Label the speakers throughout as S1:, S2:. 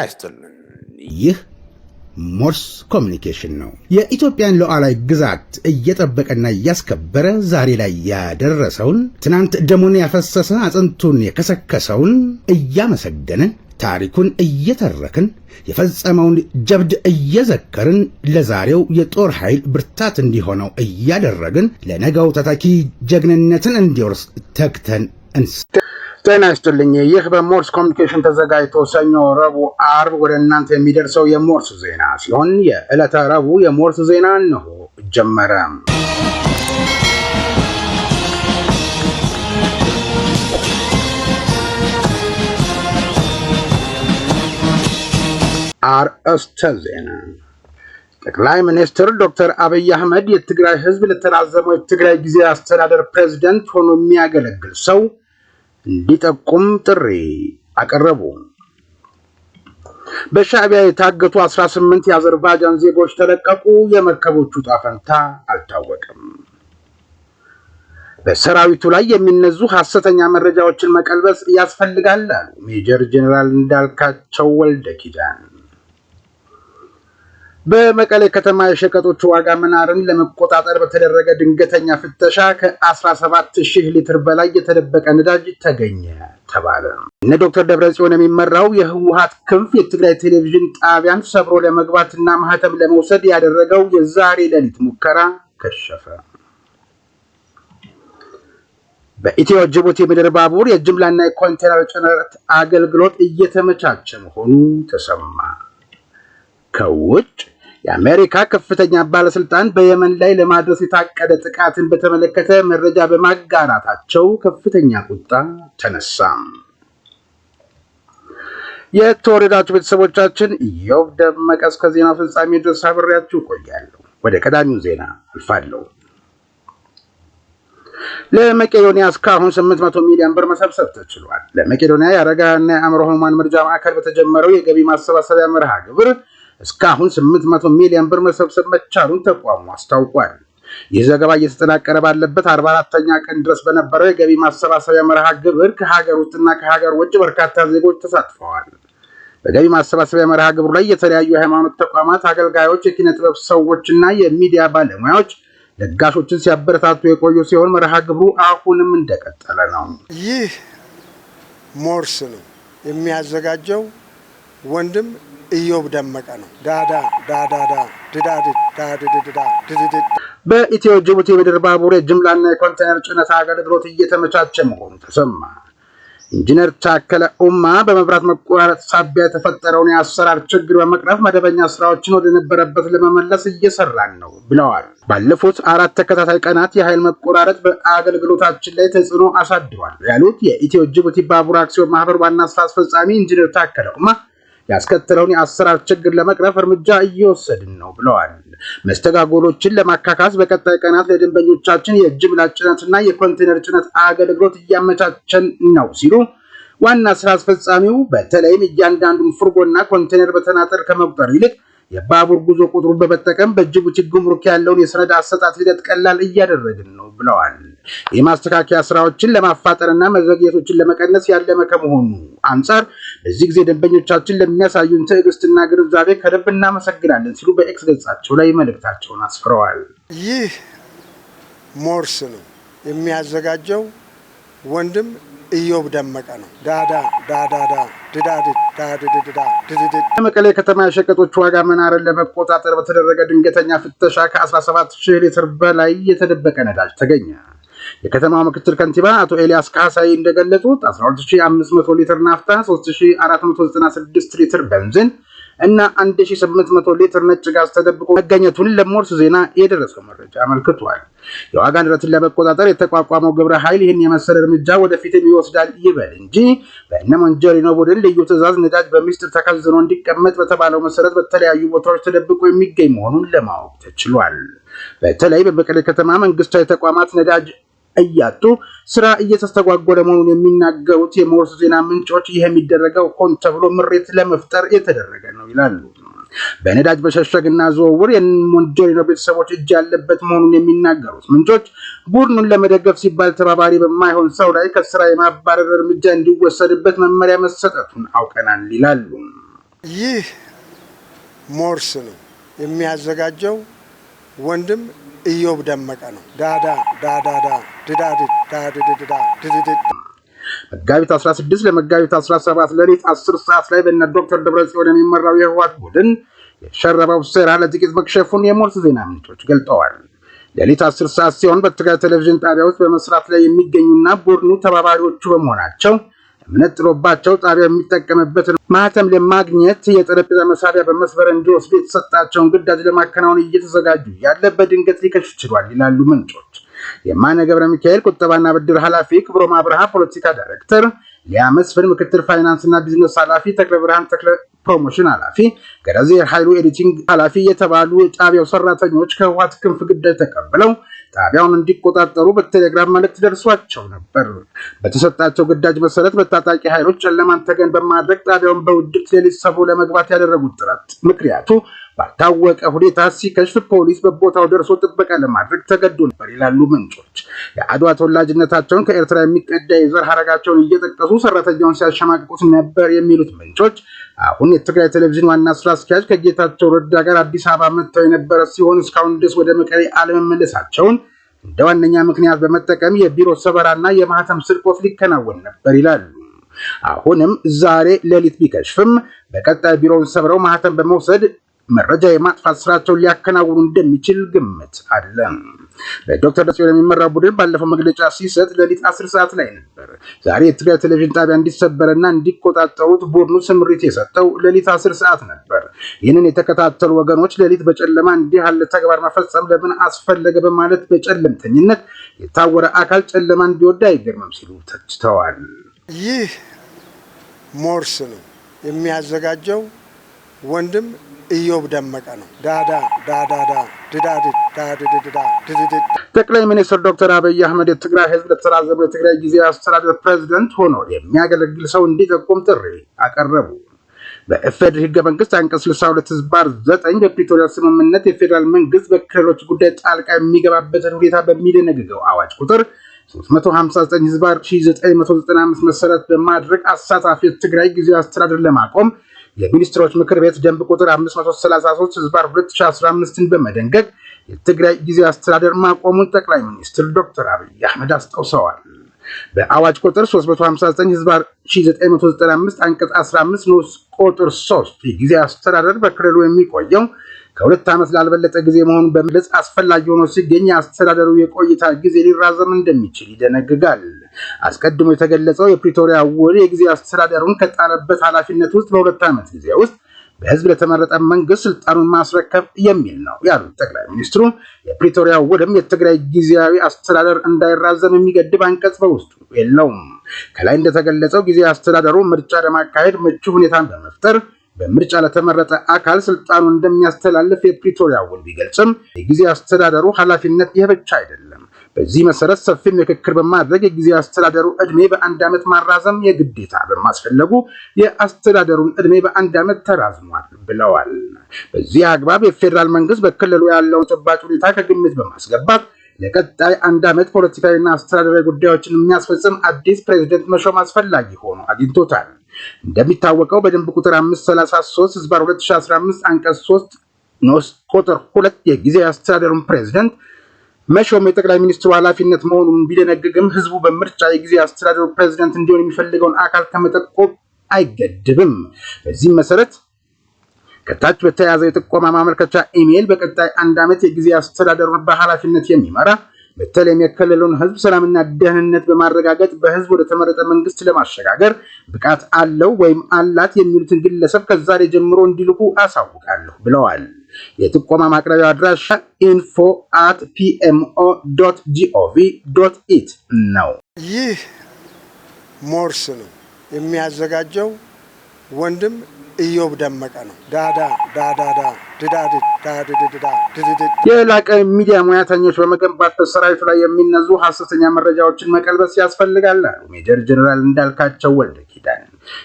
S1: ጤና ይስጥልን። ይህ ሞርስ ኮሚኒኬሽን ነው። የኢትዮጵያን ሉዓላዊ ግዛት እየጠበቀና እያስከበረ ዛሬ ላይ ያደረሰውን ትናንት ደሙን ያፈሰሰ አጥንቱን የከሰከሰውን እያመሰገንን ታሪኩን እየተረክን የፈጸመውን ጀብድ እየዘከርን ለዛሬው የጦር ኃይል ብርታት እንዲሆነው እያደረግን ለነገው ተተኪ ጀግንነትን እንዲወርስ ተግተን እንስ
S2: ጤና ይስጥልኝ። ይህ በሞርስ ኮሚኒኬሽን ተዘጋጅቶ ሰኞ፣ ረቡዕ፣ አርብ ወደ እናንተ የሚደርሰው የሞርስ ዜና ሲሆን የዕለተ ረቡዕ የሞርስ ዜና እነሆ ጀመረ። አርእስተ ዜና ጠቅላይ ሚኒስትር ዶክተር አብይ አህመድ የትግራይ ህዝብ ለተራዘመው የትግራይ ጊዜ አስተዳደር ፕሬዚደንት ሆኖ የሚያገለግል ሰው እንዲጠቁም ጥሪ አቀረቡ። በሻዕቢያ የታገቱ 18 የአዘርባጃን ዜጎች ተለቀቁ። የመርከቦቹ ጣፈንታ አልታወቅም አልታወቀም። በሰራዊቱ ላይ የሚነዙ ሐሰተኛ መረጃዎችን መቀልበስ ያስፈልጋል አሉ ሜጀር ጄኔራል እንዳልካቸው ወልደ ኪዳን። በመቀሌ ከተማ የሸቀጦች ዋጋ መናርን ለመቆጣጠር በተደረገ ድንገተኛ ፍተሻ ከ17 ሺህ ሊትር በላይ የተደበቀ ነዳጅ ተገኘ ተባለ። እነ ዶክተር ደብረጽዮን የሚመራው የህወሀት ክንፍ የትግራይ ቴሌቪዥን ጣቢያን ሰብሮ ለመግባትና ማህተም ለመውሰድ ያደረገው የዛሬ ሌሊት ሙከራ ከሸፈ። በኢትዮ ጅቡቲ ምድር ባቡር የጅምላና የኮንቴነር ጭነት አገልግሎት እየተመቻቸ መሆኑ ተሰማ። ከውጭ የአሜሪካ ከፍተኛ ባለስልጣን በየመን ላይ ለማድረስ የታቀደ ጥቃትን በተመለከተ መረጃ በማጋራታቸው ከፍተኛ ቁጣ ተነሳ። የተወረዳችሁ ቤተሰቦቻችን ኢዮብ ደመቀ እስከ ዜናው ፍጻሜ ድረስ አብሬያችሁ ቆያለሁ ወደ ቀዳሚው ዜና አልፋለሁ። ለመቄዶንያ እስካሁን 800 ሚሊዮን ብር መሰብሰብ ተችሏል። ለመቄዶንያ የአረጋና የአእምሮ ህሙማን መርጃ ማዕከል በተጀመረው የገቢ ማሰባሰቢያ መርሃ ግብር እስካሁን 800 ሚሊዮን ብር መሰብሰብ መቻሉን ተቋሙ አስታውቋል። ይህ ዘገባ እየተጠናቀረ ባለበት 44ተኛ ቀን ድረስ በነበረው የገቢ ማሰባሰቢያ መርሃ ግብር ከሀገር ውስጥና ከሀገር ውጭ በርካታ ዜጎች ተሳትፈዋል። በገቢ ማሰባሰቢያ መርሃ ግብሩ ላይ የተለያዩ የሃይማኖት ተቋማት አገልጋዮች፣ የኪነ ጥበብ ሰዎችና የሚዲያ ባለሙያዎች ለጋሾችን ሲያበረታቱ የቆዩ ሲሆን መርሃ ግብሩ አሁንም እንደቀጠለ ነው።
S3: ይህ ሞርስ ነው የሚያዘጋጀው ወንድም ኢዮብ ደመቀ ነው። ዳዳ ዳዳዳ ድዳድድ ዳድድዳ ድድድድ
S2: በኢትዮ ጅቡቲ ምድር ባቡር የጅምላና የኮንቴነር ጭነት አገልግሎት እየተመቻቸ መሆኑ ተሰማ። ኢንጂነር ታከለ ኡማ በመብራት መቆራረጥ ሳቢያ የተፈጠረውን የአሰራር ችግር በመቅረፍ መደበኛ ስራዎችን ወደነበረበት ለመመለስ እየሰራን ነው ብለዋል። ባለፉት አራት ተከታታይ ቀናት የኃይል መቆራረጥ በአገልግሎታችን ላይ ተጽዕኖ አሳድሯል ያሉት የኢትዮ ጅቡቲ ባቡር አክሲዮን ማህበር ዋና ስራ አስፈጻሚ ኢንጂነር ታከለ ኡማ ያስከተለውን የአሰራር ችግር ለመቅረፍ እርምጃ እየወሰድን ነው ብለዋል። መስተጋጎሎችን ለማካካስ በቀጣይ ቀናት ለደንበኞቻችን የጅምላ ጭነትና የኮንቴነር ጭነት አገልግሎት እያመቻቸን ነው ሲሉ ዋና ስራ አስፈጻሚው በተለይም እያንዳንዱን ፍርጎና ኮንቴነር በተናጠል ከመቁጠር ይልቅ የባቡር ጉዞ ቁጥሩን በመጠቀም በጅቡቲ ጉምሩክ ያለውን የሰነድ አሰጣት ሂደት ቀላል እያደረግን ነው ብለዋል። የማስተካከያ ስራዎችን ለማፋጠርና መዘግየቶችን ለመቀነስ ያለመ ከመሆኑ አንጻር በዚህ ጊዜ ደንበኞቻችን ለሚያሳዩን ትዕግስትና ግንዛቤ ከልብ እናመሰግናለን ሲሉ በኤክስ ገጻቸው ላይ መልእክታቸውን አስፍረዋል።
S3: ይህ ሞርስ ነው የሚያዘጋጀው። ወንድም ኢዮብ ደመቀ ነው። ዳዳ ዳዳዳ
S2: መቀሌ ከተማ የሸቀጦች ዋጋ መናርን ለመቆጣጠር በተደረገ ድንገተኛ ፍተሻ ከ17 ሺህ ሊትር በላይ የተደበቀ ነዳጅ ተገኘ። የከተማው ምክትል ከንቲባ አቶ ኤልያስ ካሳይ እንደገለጹት 12500 ሊትር ናፍታ፣ 3496 ሊትር ቤንዚን እና 1800 ሊትር ነጭ ጋዝ ተደብቆ መገኘቱን ለሞርስ ዜና የደረሰው መረጃ አመልክቷል። የዋጋ ንረትን ለመቆጣጠር የተቋቋመው ግብረ ኃይል ይህን የመሰለ እርምጃ ወደፊትም ይወስዳል ይበል እንጂ በእነ ሞንጀሪኖ ቡድን ልዩ ትዕዛዝ ነዳጅ በሚስጥር ተከዝኖ እንዲቀመጥ በተባለው መሰረት በተለያዩ ቦታዎች ተደብቆ የሚገኝ መሆኑን ለማወቅ ተችሏል። በተለይ በመቀሌ ከተማ መንግስታዊ ተቋማት ነዳጅ እያጡ ስራ እየተስተጓጎለ መሆኑን የሚናገሩት የሞርስ ዜና ምንጮች ይህ የሚደረገው ሆን ተብሎ ምሬት ለመፍጠር የተደረገ ነው ይላሉ። በነዳጅ በሸሸግና ዝውውር የሞንጆሪኖ ቤተሰቦች እጅ ያለበት መሆኑን የሚናገሩት ምንጮች ቡድኑን ለመደገፍ ሲባል ተባባሪ በማይሆን ሰው ላይ ከስራ የማባረር እርምጃ እንዲወሰድበት መመሪያ መሰጠቱን አውቀናል ይላሉ።
S3: ይህ ሞርስ ነው የሚያዘጋጀው ወንድም ኢዮብ ደመቀ ነው። ዳዳ ዳዳዳ ድዳድ ዳድድዳ
S2: መጋቢት 16 ለመጋቢት 17 ሌሊት 10 ሰዓት ላይ በነ ዶክተር ደብረጽዮን የሚመራው የህወሓት ቡድን የተሸረበው ሴራ ለጥቂት መክሸፉን የሞርስ ዜና ምንጮች ገልጠዋል። ሌሊት 10 ሰዓት ሲሆን በትግራይ ቴሌቪዥን ጣቢያ ውስጥ በመስራት ላይ የሚገኙና ቡድኑ ተባባሪዎቹ በመሆናቸው እምነት ጥሎባቸው ጣቢያ የሚጠቀምበትን ማህተም ለማግኘት የጠረጴዛ መሳሪያ በመስበር እንዲወስዱ የተሰጣቸውን ግዳጅ ለማከናወን እየተዘጋጁ ያለበት ድንገት ሊከሽ ችሏል ይላሉ ምንጮች። የማነ ገብረ ሚካኤል ቁጠባና ብድር ኃላፊ፣ ክብሮም አብርሃ ፖለቲካ ዳይሬክተር፣ ሊያመስፍን ምክትል ፋይናንስና ቢዝነስ ኃላፊ፣ ተክለ ብርሃን ተክለ ፕሮሞሽን ኃላፊ፣ ገረዜ ኃይሉ ኤዲቲንግ ኃላፊ የተባሉ የጣቢያው ሰራተኞች ከህወሓት ክንፍ ግዳጅ ተቀብለው ጣቢያውን እንዲቆጣጠሩ በቴሌግራም መልእክት ደርሷቸው ነበር። በተሰጣቸው ግዳጅ መሰረት በታጣቂ ኃይሎች ጨለማን ተገን በማድረግ ጣቢያውን በውድቅ ሌሊት ሰብሮ ለመግባት ያደረጉት ጥረት ምክንያቱ ባልታወቀ ሁኔታ ሲከሽፍ ፖሊስ በቦታው ደርሶ ጥበቃ ለማድረግ ተገዶ ነበር ይላሉ ምንጮች። የአድዋ ተወላጅነታቸውን ከኤርትራ የሚቀዳ የዘር ሀረጋቸውን እየጠቀሱ ሰራተኛውን ሲያሸማቅቁት ነበር የሚሉት ምንጮች አሁን የትግራይ ቴሌቪዥን ዋና ስራ አስኪያጅ ከጌታቸው ረዳ ጋር አዲስ አበባ መጥተው የነበረ ሲሆን እስካሁን ድረስ ወደ መቀሌ አለመመለሳቸውን እንደ ዋነኛ ምክንያት በመጠቀም የቢሮ ሰበራና የማህተም ስርቆት ሊከናወን ነበር ይላሉ። አሁንም ዛሬ ሌሊት ቢከሽፍም በቀጣይ ቢሮውን ሰብረው ማህተም በመውሰድ መረጃ የማጥፋት ስራቸውን ሊያከናውኑ እንደሚችል ግምት አለ። በዶክተር ደብረጽዮን የሚመራው ቡድን ባለፈው መግለጫ ሲሰጥ ሌሊት አስር ሰዓት ላይ ነበር። ዛሬ የትግራይ ቴሌቪዥን ጣቢያ እንዲሰበርና እንዲቆጣጠሩት ቡድኑ ስምሪት የሰጠው ሌሊት አስር ሰዓት ነበር። ይህንን የተከታተሉ ወገኖች ሌሊት በጨለማ እንዲህ ያለ ተግባር መፈጸም ለምን አስፈለገ በማለት በጨለምተኝነት የታወረ አካል ጨለማ እንዲወድ አይገርምም ሲሉ ተችተዋል።
S3: ይህ ሞርስ ነው የሚያዘጋጀው ወንድም ኢዮብ ደመቀ ነው። ዳዳ ዳዳዳ ድዳድድ ድድድድ
S2: ጠቅላይ ሚኒስትር ዶክተር አብይ አህመድ የትግራይ ህዝብ ለተራዘመው የትግራይ ጊዜ አስተዳደር ፕሬዝደንት ሆኖ የሚያገለግል ሰው እንዲጠቁም ጥሪ አቀረቡ። በኢፌዴሪ ህገ መንግስት አንቀጽ 62 ህዝባር 9 በፕሪቶሪያ ስምምነት የፌዴራል መንግስት በክልሎች ጉዳይ ጣልቃ የሚገባበትን ሁኔታ በሚደነግገው አዋጅ ቁጥር 359 ህዝባር 995 መሰረት በማድረግ አሳታፊ የትግራይ ጊዜ አስተዳደር ለማቆም የሚኒስትሮች ምክር ቤት ደንብ ቁጥር 533 ህዝባር 2015ን በመደንገግ የትግራይ ጊዜ አስተዳደር ማቆሙን ጠቅላይ ሚኒስትር ዶክተር አብይ አህመድ አስታውሰዋል። በአዋጅ ቁጥር 359 ህዝባር 1995 አንቀጽ 15 ንዑስ ቁጥር 3 የጊዜ አስተዳደር በክልሉ የሚቆየው ከሁለት ዓመት ላልበለጠ ጊዜ መሆኑን በመግለጽ አስፈላጊ ሆኖ ሲገኝ አስተዳደሩ የቆይታ ጊዜ ሊራዘም እንደሚችል ይደነግጋል። አስቀድሞ የተገለጸው የፕሪቶሪያ ውል የጊዜ አስተዳደሩን ከጣለበት ኃላፊነት ውስጥ በሁለት ዓመት ጊዜ ውስጥ በህዝብ ለተመረጠ መንግስት ስልጣኑን ማስረከብ የሚል ነው ያሉት ጠቅላይ ሚኒስትሩ የፕሪቶሪያ ውልም የትግራይ ጊዜያዊ አስተዳደር እንዳይራዘም የሚገድብ አንቀጽ በውስጡ የለውም። ከላይ እንደተገለጸው ጊዜ አስተዳደሩ ምርጫ ለማካሄድ ምቹ ሁኔታን በመፍጠር በምርጫ ለተመረጠ አካል ስልጣኑ እንደሚያስተላልፍ የፕሪቶሪያ ውል ቢገልጽም የጊዜ አስተዳደሩ ኃላፊነት ይህ ብቻ አይደለም። በዚህ መሰረት ሰፊ ምክክር በማድረግ የጊዜ አስተዳደሩ ዕድሜ በአንድ ዓመት ማራዘም የግዴታ በማስፈለጉ የአስተዳደሩን ዕድሜ በአንድ ዓመት ተራዝሟል ብለዋል። በዚህ አግባብ የፌዴራል መንግስት በክልሉ ያለውን ተጨባጭ ሁኔታ ከግምት በማስገባት ለቀጣይ አንድ ዓመት ፖለቲካዊና አስተዳደራዊ ጉዳዮችን የሚያስፈጽም አዲስ ፕሬዝደንት መሾም አስፈላጊ ሆኖ አግኝቶታል። እንደሚታወቀው በደንብ ቁጥር 533 ህዝባር 2015 አንቀጽ 3 ንዑስ ቁጥር 2 የጊዜያዊ አስተዳደሩን ፕሬዚደንት መሾም የጠቅላይ ሚኒስትሩ ኃላፊነት መሆኑን ቢደነግግም ህዝቡ በምርጫ የጊዜያዊ አስተዳደሩ ፕሬዚደንት እንዲሆን የሚፈልገውን አካል ከመጠቆም አይገድብም። በዚህም መሰረት ከታች በተያያዘው የጥቆማ ማመልከቻ ኢሜይል በቀጣይ አንድ ዓመት የጊዜያዊ አስተዳደሩን በኃላፊነት የሚመራ በተለይም የክልሉን ህዝብ ሰላምና ደህንነት በማረጋገጥ በህዝብ ወደ ተመረጠ መንግስት ለማሸጋገር ብቃት አለው ወይም አላት የሚሉትን ግለሰብ ከዛሬ ጀምሮ እንዲልኩ አሳውቃለሁ ብለዋል። የጥቆማ ማቅረቢያ አድራሻ ኢንፎ አት ፒኤምኦ ዶት ጂኦቪ ዶት ኢት ነው።
S3: ይህ ሞርስ ነው የሚያዘጋጀው ወንድም ኢዮብ ደመቀ ነው። ዳዳ ዳዳዳ
S2: የላቀ ሚዲያ ሙያተኞች በመገንባት በሰራዊቱ ላይ የሚነዙ ሀሰተኛ መረጃዎችን መቀልበስ ያስፈልጋል አሉ ሜጀር ጀነራል እንዳልካቸው ወልደ ኪዳን።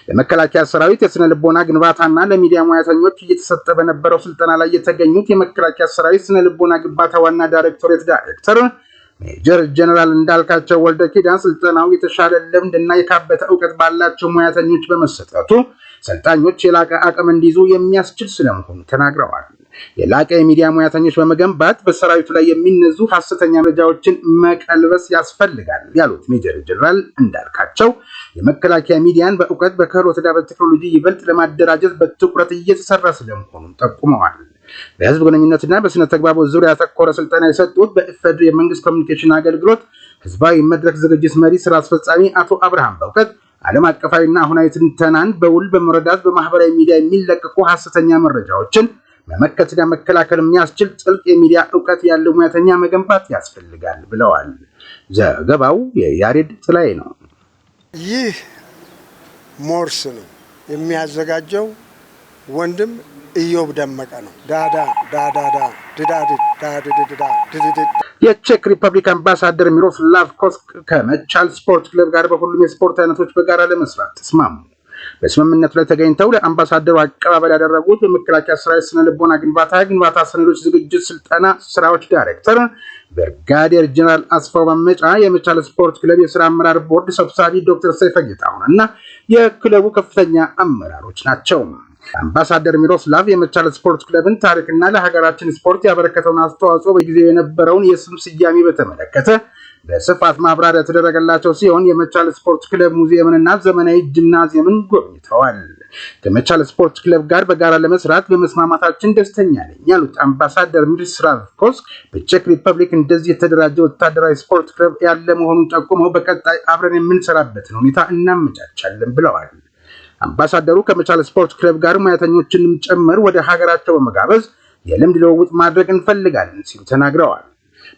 S2: ለመከላከያ ሰራዊት የስነ ልቦና ግንባታና ለሚዲያ ሙያተኞች እየተሰጠ በነበረው ስልጠና ላይ የተገኙት የመከላከያ ሰራዊት ስነ ልቦና ግንባታ ዋና ዳይሬክቶሬት ዳይሬክተር ሜጀር ጀነራል እንዳልካቸው ወልደ ኪዳን ስልጠናው የተሻለ ልምድ እና የካበተ እውቀት ባላቸው ሙያተኞች በመሰጠቱ ሰልጣኞች የላቀ አቅም እንዲይዙ የሚያስችል ስለመሆኑ ተናግረዋል። የላቀ የሚዲያ ሙያተኞች በመገንባት በሰራዊቱ ላይ የሚነዙ ሀሰተኛ መረጃዎችን መቀልበስ ያስፈልጋል ያሉት ሜጀር ጀነራል እንዳልካቸው የመከላከያ ሚዲያን በእውቀት በክህሎትና በቴክኖሎጂ ይበልጥ ለማደራጀት በትኩረት እየተሰራ ስለመሆኑም ጠቁመዋል። በህዝብ ግንኙነትና በስነ ተግባቦት ዙሪያ ያተኮረ ስልጠና የሰጡት በኢፌዴሪ የመንግስት ኮሚኒኬሽን አገልግሎት ህዝባዊ መድረክ ዝግጅት መሪ ስራ አስፈጻሚ አቶ አብርሃም በእውቀት ዓለም አቀፋዊና አሁናዊ ትንተናን በውል በመረዳት በማህበራዊ ሚዲያ የሚለቀቁ ሀሰተኛ መረጃዎችን መመከትና መከላከል የሚያስችል ጥልቅ የሚዲያ እውቀት ያለው ሙያተኛ መገንባት ያስፈልጋል ብለዋል። ዘገባው የያሬድ ጥላይ ነው።
S3: ይህ ሞርስ ነው የሚያዘጋጀው ወንድም ኢዮብ ደመቀ ነው። ዳዳ ዳዳዳ ድዳድድ ዳድድዳ ድድድድ
S2: የቼክ ሪፐብሊክ አምባሳደር ሚሮስላቭ ኮስክ ከመቻል ስፖርት ክለብ ጋር በሁሉም የስፖርት አይነቶች በጋራ ለመስራት ተስማሙ። በስምምነቱ ላይ ተገኝተው ለአምባሳደሩ አቀባበል ያደረጉት በመከላከያ ሰራዊት ስነ ልቦና ግንባታ ግንባታ ሰነዶች ዝግጅት ስልጠና ስራዎች ዳይሬክተር ብርጋዴር ጀነራል አስፋው መመጫ፣ የመቻል ስፖርት ክለብ የስራ አመራር ቦርድ ሰብሳቢ ዶክተር ሰይፈ ጌታሁን እና የክለቡ ከፍተኛ አመራሮች ናቸው። አምባሳደር ሚሮስላቭ የመቻል ስፖርት ክለብን ታሪክና ለሀገራችን ስፖርት ያበረከተውን አስተዋጽኦ በጊዜው የነበረውን የስም ስያሜ በተመለከተ በስፋት ማብራሪያ የተደረገላቸው ሲሆን የመቻል ስፖርት ክለብ ሙዚየምንና ዘመናዊ ጂምናዚየምን ጎብኝተዋል። ከመቻል ስፖርት ክለብ ጋር በጋራ ለመስራት በመስማማታችን ደስተኛ ነኝ ያሉት አምባሳደር ሚሮስላቭኮስ በቼክ ሪፐብሊክ እንደዚህ የተደራጀ ወታደራዊ ስፖርት ክለብ ያለ መሆኑን ጠቁመው በቀጣይ አብረን የምንሰራበትን ሁኔታ እናመቻቻለን ብለዋል። አምባሳደሩ ከመቻል ስፖርት ክለብ ጋር ሙያተኞችንም ጭምር ወደ ሀገራቸው በመጋበዝ የልምድ ልውውጥ ማድረግ እንፈልጋለን ሲሉ ተናግረዋል።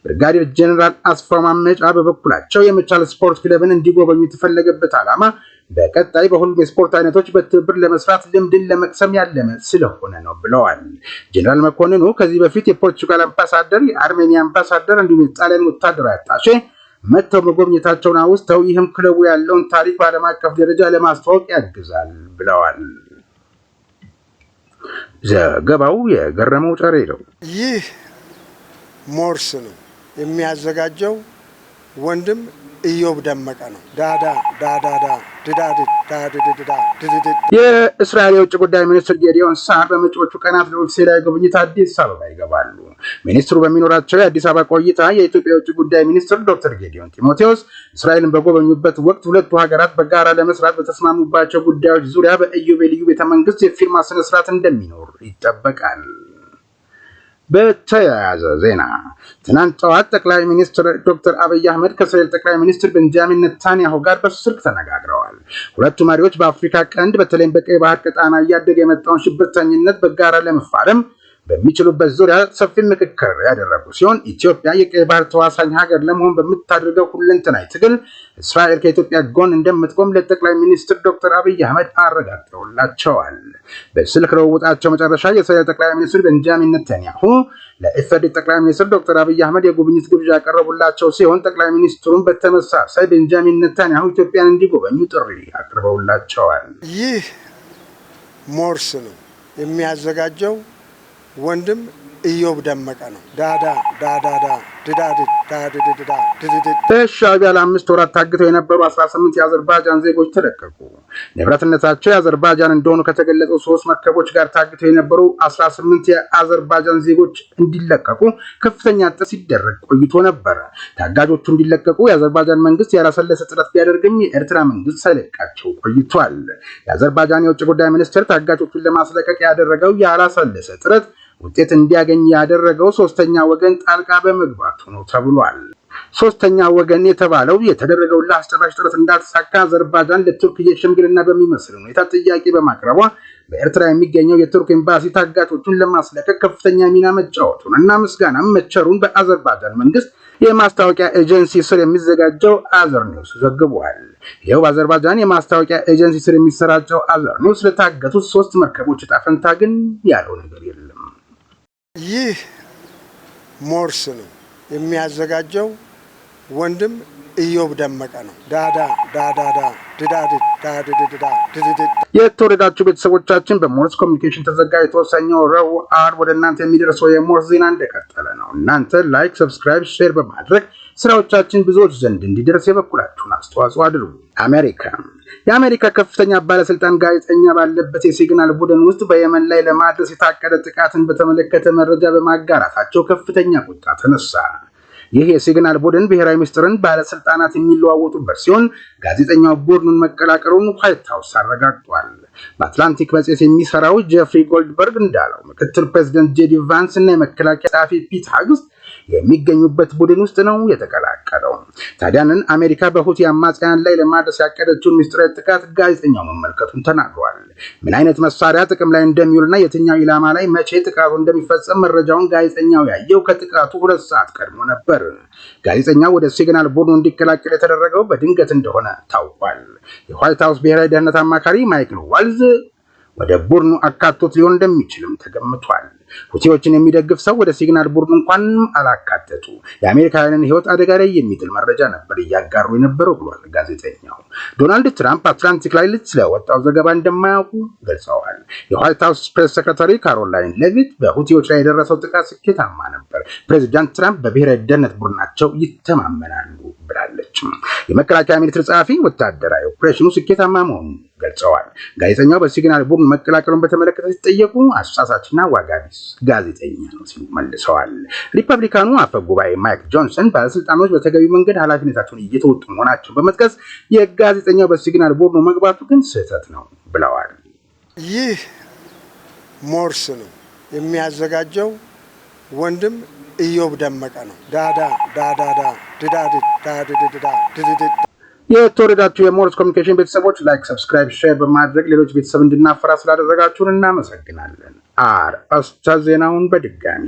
S2: ብርጋዴር ጀነራል አስፋ ማመጫ በበኩላቸው የመቻል ስፖርት ክለብን እንዲጎበኙ የተፈለገበት ዓላማ በቀጣይ በሁሉም የስፖርት አይነቶች በትብብር ለመስራት ልምድን ለመቅሰም ያለመ ስለሆነ ነው ብለዋል። ጀኔራል መኮንኑ ከዚህ በፊት የፖርቹጋል አምባሳደር፣ የአርሜኒያ አምባሳደር እንዲሁም የጣሊያን ወታደራዊ አታሼ መጥተው መጎብኘታቸውን አውስተው ይህም ክለቡ ያለውን ታሪክ በዓለም አቀፍ ደረጃ ለማስተዋወቅ ያግዛል ብለዋል። ዘገባው የገረመው ጨሬ ነው።
S3: ይህ ሞርስ ነው የሚያዘጋጀው ወንድም ኢዮብ ደመቀ ነው። ዳዳ ዳዳዳ
S2: የእስራኤል የውጭ ጉዳይ ሚኒስትር ጌዲዮን ሳር በመጪዎቹ ቀናት ለኦፊሴላዊ ጉብኝት አዲስ አበባ ይገባሉ። ሚኒስትሩ በሚኖራቸው የአዲስ አበባ ቆይታ የኢትዮጵያ የውጭ ጉዳይ ሚኒስትር ዶክተር ጌዲዮን ጢሞቴዎስ እስራኤልን በጎበኙበት ወቅት ሁለቱ ሀገራት በጋራ ለመስራት በተስማሙባቸው ጉዳዮች ዙሪያ በኢዮቤልዩ ቤተመንግስት የፊርማ ስነስርዓት እንደሚኖር ይጠበቃል። በተያያዘ ዜና ትናንት ጠዋት ጠቅላይ ሚኒስትር ዶክተር አብይ አህመድ ከእስራኤል ጠቅላይ ሚኒስትር ቤንጃሚን ነታንያሁ ጋር በስልክ ተነጋግረዋል። ሁለቱ መሪዎች በአፍሪካ ቀንድ በተለይም በቀይ ባህር ቀጣና እያደገ የመጣውን ሽብርተኝነት በጋራ ለመፋለም በሚችሉበት ዙሪያ ሰፊ ምክክር ያደረጉ ሲሆን ኢትዮጵያ የቀይ ባህር ተዋሳኝ ሀገር ለመሆን በምታደርገው ሁለንተናዊ ትግል እስራኤል ከኢትዮጵያ ጎን እንደምትቆም ለጠቅላይ ሚኒስትር ዶክተር አብይ አህመድ አረጋግጠውላቸዋል። በስልክ ልውውጣቸው መጨረሻ የእስራኤል ጠቅላይ ሚኒስትር ቤንጃሚን ነተንያሁ ለኢፌዴሪ ጠቅላይ ሚኒስትር ዶክተር አብይ አህመድ የጉብኝት ግብዣ ያቀረቡላቸው ሲሆን ጠቅላይ ሚኒስትሩን በተመሳሳይ ቤንጃሚን ነታንያሁ ኢትዮጵያን እንዲጎበኙ ጥሪ አቅርበውላቸዋል።
S3: ይህ ሞርስ ነው የሚያዘጋጀው ወንድም ኢዮብ ደመቀ ነው። ዳዳ ዳዳዳ ድዳድድ
S2: ለአምስት ወራት ታግተው የነበሩ 18 የአዘርባጃን ዜጎች ተለቀቁ። ንብረትነታቸው የአዘርባጃን እንደሆኑ ከተገለጸው ሶስት መርከቦች ጋር ታግተው የነበሩ 18 የአዘርባጃን ዜጎች እንዲለቀቁ ከፍተኛ ጥረት ሲደረግ ቆይቶ ነበረ። ታጋጆቹ እንዲለቀቁ የአዘርባጃን መንግስት ያላሰለሰ ጥረት ቢያደርግም የኤርትራ መንግስት ሳይለቃቸው ቆይቷል። የአዘርባጃን የውጭ ጉዳይ ሚኒስቴር ታጋጆቹን ለማስለቀቅ ያደረገው ያላሰለሰ ጥረት ውጤት እንዲያገኝ ያደረገው ሶስተኛ ወገን ጣልቃ በመግባቱ ነው ተብሏል። ሶስተኛ ወገን የተባለው የተደረገው ለአስጨራሽ ጥረት እንዳልተሳካ አዘርባጃን ለቱርክ የሽምግልና በሚመስል ሁኔታ ጥያቄ በማቅረቧ በኤርትራ የሚገኘው የቱርክ ኤምባሲ ታጋቾቹን ለማስለቀቅ ከፍተኛ ሚና መጫወቱን እና ምስጋናም መቸሩን በአዘርባጃን መንግስት የማስታወቂያ ኤጀንሲ ስር የሚዘጋጀው አዘር ኒውስ ዘግቧል። ይኸው በአዘርባጃን የማስታወቂያ ኤጀንሲ ስር የሚሰራጨው አዘር ኒውስ ለታገቱት ሶስት መርከቦች እጣ ፈንታ ግን ያለው ነገር የለም።
S3: ይህ ሞርስ ነው የሚያዘጋጀው ወንድም ኢዮብ ደመቀ ነው። ዳዳ ዳዳዳ ድዳድድ ዳድድዳ ድድድድ
S2: የተወደዳችሁ ቤተሰቦቻችን በሞርስ ኮሚኒኬሽን ተዘጋጅቶ ሰኞ፣ ረቡዕ፣ ዓርብ ወደ እናንተ የሚደርሰው የሞርስ ዜና እንደቀጠለ ነው። እናንተ ላይክ፣ ሰብስክራይብ፣ ሼር በማድረግ ስራዎቻችን ብዙዎች ዘንድ እንዲደርስ የበኩላችሁን አስተዋጽኦ አድርጉ። አሜሪካ የአሜሪካ ከፍተኛ ባለስልጣን ጋዜጠኛ ባለበት የሲግናል ቡድን ውስጥ በየመን ላይ ለማድረስ የታቀደ ጥቃትን በተመለከተ መረጃ በማጋራታቸው ከፍተኛ ቁጣ ተነሳ። ይህ የሲግናል ቡድን ብሔራዊ ምስጢርን ባለስልጣናት የሚለዋወጡበት ሲሆን ጋዜጠኛው ቡድኑን መቀላቀሉን ዋይት ሀውስ አረጋግጧል። በአትላንቲክ መጽሔት የሚሰራው ጀፍሪ ጎልድበርግ እንዳለው ምክትል ፕሬዚደንት ጄዲ ቫንስ እና የመከላከያ ጸሐፊ ፒት ሀግስት የሚገኙበት ቡድን ውስጥ ነው የተቀላቀለው። ታዲያንን አሜሪካ በሁቲ አማጽያን ላይ ለማድረስ ያቀደችውን ሚስጥራዊ ጥቃት ጋዜጠኛው መመልከቱን ተናግሯል። ምን አይነት መሳሪያ ጥቅም ላይ እንደሚውልና የትኛው ኢላማ ላይ መቼ ጥቃቱ እንደሚፈጸም መረጃውን ጋዜጠኛው ያየው ከጥቃቱ ሁለት ሰዓት ቀድሞ ነበር። ጋዜጠኛው ወደ ሲግናል ቡድኑ እንዲቀላቀል የተደረገው በድንገት እንደሆነ ታውቋል። የዋይት ሀውስ ብሔራዊ ደህንነት አማካሪ ማይክል ዋልዝ ወደ ቡድኑ አካቶት ሊሆን እንደሚችልም ተገምቷል። ሁቲዎችን የሚደግፍ ሰው ወደ ሲግናል ቡድን እንኳን አላካተቱ። የአሜሪካውያንን ህይወት አደጋ ላይ የሚጥል መረጃ ነበር እያጋሩ የነበረው ብሏል ጋዜጠኛው። ዶናልድ ትራምፕ አትላንቲክ ላይ ስለወጣው ዘገባ እንደማያውቁ ገልጸዋል። የዋይት ሀውስ ፕሬስ ሰክረታሪ ካሮላይን ሌቪት በሁቲዎች ላይ የደረሰው ጥቃት ስኬታማ ነበር፣ ፕሬዚዳንት ትራምፕ በብሔራዊ ደህንነት ቡድናቸው ይተማመናሉ ብላል አልቻለችም። የመከላከያ ሚኒስትር ጸሐፊ ወታደራዊ ኦፕሬሽኑ ስኬታማ መሆኑ ገልጸዋል። ጋዜጠኛው በሲግናል ቡድን መቀላቀሉን በተመለከተ ሲጠየቁ አሳሳችና ዋጋ ቢስ ጋዜጠኛ ነው ሲሉ መልሰዋል። ሪፐብሊካኑ አፈ ጉባኤ ማይክ ጆንሰን ባለስልጣኖች በተገቢው መንገድ ኃላፊነታቸውን እየተወጡ መሆናቸውን በመጥቀስ የጋዜጠኛው በሲግናል ቡድኑ መግባቱ ግን ስህተት ነው ብለዋል።
S3: ይህ ሞርስ ነው የሚያዘጋጀው ወንድም ኢዮብ ደመቀ ነው። ዳዳ ዳዳዳ
S2: የተወደዳችሁ የሞርስ ኮሚኒኬሽን ቤተሰቦች ላይክ፣ ሰብስክራይብ፣ ሼር በማድረግ ሌሎች ቤተሰብ እንድናፈራ ስላደረጋችሁን እናመሰግናለን። አርእስተ ዜናውን በድጋሚ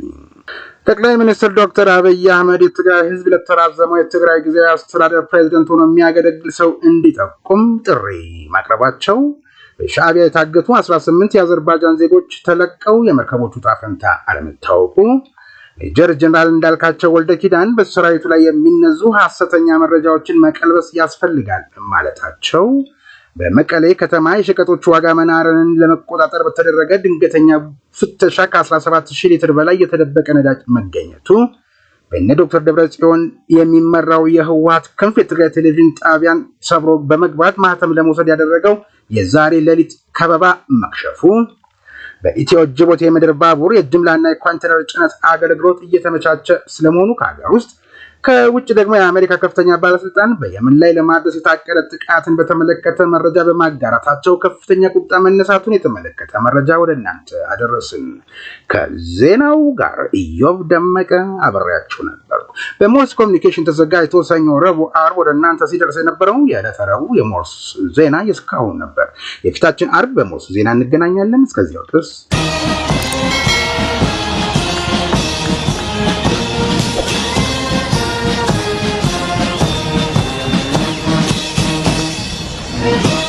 S2: ጠቅላይ ሚኒስትር ዶክተር አብይ አህመድ የትግራይ ህዝብ ለተራዘመው የትግራይ ጊዜያዊ አስተዳደር ፕሬዚደንት ሆኖ የሚያገለግል ሰው እንዲጠቁም ጥሪ ማቅረባቸው፣ በሻዕቢያ የታገቱ 18 የአዘርባጃን ዜጎች ተለቀው የመርከቦቹ ዕጣ ፈንታ አለመታወቁ ሜጀር ጀነራል እንዳልካቸው ወልደ ኪዳን በሰራዊቱ ላይ የሚነዙ ሐሰተኛ መረጃዎችን መቀልበስ ያስፈልጋል ማለታቸው በመቀሌ ከተማ የሸቀጦች ዋጋ መናረንን ለመቆጣጠር በተደረገ ድንገተኛ ፍተሻ ከ17000 ሊትር በላይ የተደበቀ ነዳጅ መገኘቱ፣ በእነ ዶክተር ደብረጽዮን የሚመራው የህወሀት ክንፍ የትግራይ ቴሌቪዥን ጣቢያን ሰብሮ በመግባት ማህተም ለመውሰድ ያደረገው የዛሬ ሌሊት ከበባ መክሸፉ በኢትዮ ጅቡቲ የምድር ባቡር የጅምላና የኳንቴነር ጭነት አገልግሎት እየተመቻቸ ስለመሆኑ ከሀገር ውስጥ ከውጭ ደግሞ የአሜሪካ ከፍተኛ ባለስልጣን በየመን ላይ ለማድረስ የታቀደ ጥቃትን በተመለከተ መረጃ በማጋራታቸው ከፍተኛ ቁጣ መነሳቱን የተመለከተ መረጃ ወደ እናንተ አደረስን። ከዜናው ጋር ኢዮብ ደመቀ አበሬያችሁ ነበር። በሞርስ ኮሚኒኬሽን ተዘጋጅቶ ሰኞ፣ ረቡዕ፣ ዓርብ ወደ እናንተ ሲደርስ የነበረው የዕለተ ረቡዕ የሞርስ ዜና የእስካሁን ነበር። የፊታችን አርብ በሞርስ ዜና እንገናኛለን። እስከዚያው ድረስ Thank you.